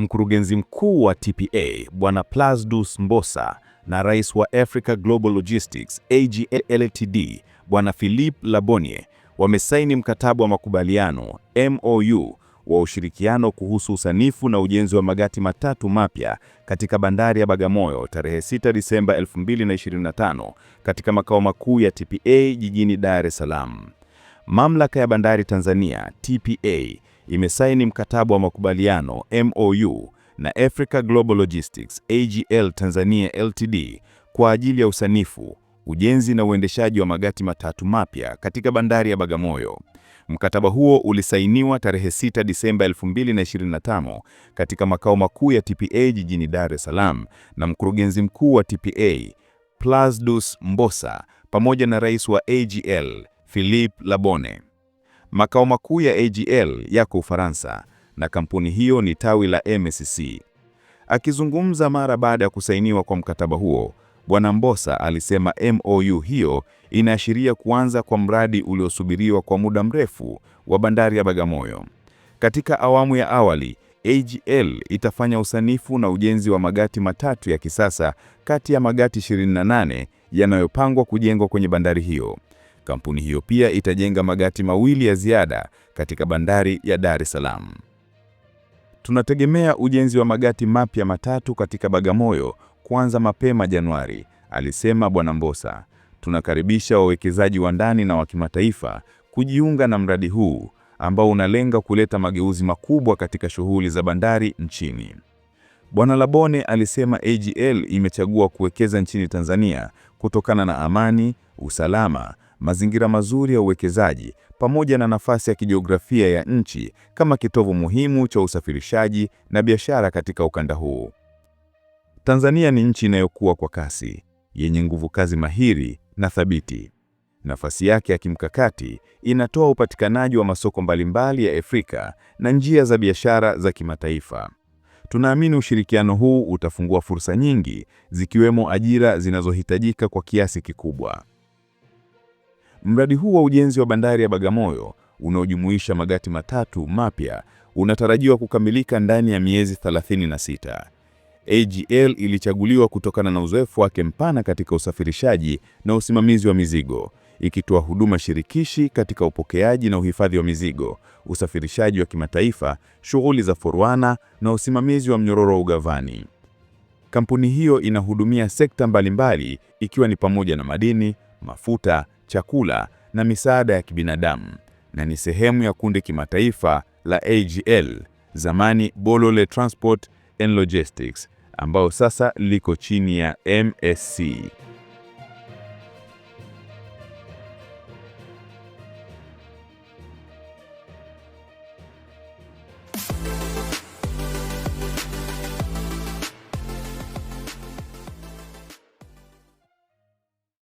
mkurugenzi mkuu wa TPA Bwana Plasduce mbosa na rais wa Africa Global Logistics AGL Ltd Bwana Philippe labonie wamesaini mkataba wa makubaliano MOU wa ushirikiano kuhusu usanifu na ujenzi wa magati matatu mapya katika bandari ya Bagamoyo tarehe 6 Disemba 2025 katika makao makuu ya TPA jijini Dar es Salaam. Mamlaka ya Bandari Tanzania TPA imesaini mkataba wa makubaliano MOU na Africa Global Logistics AGL Tanzania Ltd kwa ajili ya usanifu, ujenzi na uendeshaji wa magati matatu mapya katika bandari ya Bagamoyo. Mkataba huo ulisainiwa tarehe 6 Disemba 2025 katika makao makuu ya TPA jijini Dar es Salaam na mkurugenzi mkuu wa TPA Plasdus mbosa pamoja na rais wa AGL Philip Labone. Makao makuu ya AGL yako Ufaransa na kampuni hiyo ni tawi la MSC. Akizungumza mara baada ya kusainiwa kwa mkataba huo, Bwana Mbosa alisema MOU hiyo inaashiria kuanza kwa mradi uliosubiriwa kwa muda mrefu wa bandari ya Bagamoyo. Katika awamu ya awali, AGL itafanya usanifu na ujenzi wa magati matatu ya kisasa kati ya magati 28 yanayopangwa kujengwa kwenye bandari hiyo. Kampuni hiyo pia itajenga magati mawili ya ziada katika bandari ya Dar es Salaam. Tunategemea ujenzi wa magati mapya matatu katika Bagamoyo kuanza mapema Januari, alisema Bwana Mbosa. Tunakaribisha wawekezaji wa ndani na wa kimataifa kujiunga na mradi huu ambao unalenga kuleta mageuzi makubwa katika shughuli za bandari nchini. Bwana Labone alisema AGL imechagua kuwekeza nchini Tanzania kutokana na amani, usalama mazingira mazuri ya uwekezaji pamoja na nafasi ya kijiografia ya nchi kama kitovu muhimu cha usafirishaji na biashara katika ukanda huu. Tanzania ni nchi inayokuwa kwa kasi, yenye nguvu kazi mahiri na thabiti. Nafasi yake ya kimkakati inatoa upatikanaji wa masoko mbalimbali ya Afrika na njia za biashara za kimataifa. Tunaamini ushirikiano huu utafungua fursa nyingi zikiwemo ajira zinazohitajika kwa kiasi kikubwa. Mradi huu wa ujenzi wa bandari ya Bagamoyo unaojumuisha magati matatu mapya unatarajiwa kukamilika ndani ya miezi 36. AGL ilichaguliwa kutokana na uzoefu wake mpana katika usafirishaji na usimamizi wa mizigo, ikitoa huduma shirikishi katika upokeaji na uhifadhi wa mizigo, usafirishaji wa kimataifa, shughuli za foruana na usimamizi wa mnyororo wa ugavani. Kampuni hiyo inahudumia sekta mbalimbali ikiwa ni pamoja na madini, mafuta chakula na misaada ya kibinadamu na ni sehemu ya kundi kimataifa la AGL, zamani Bolole Transport and Logistics, ambao sasa liko chini ya MSC.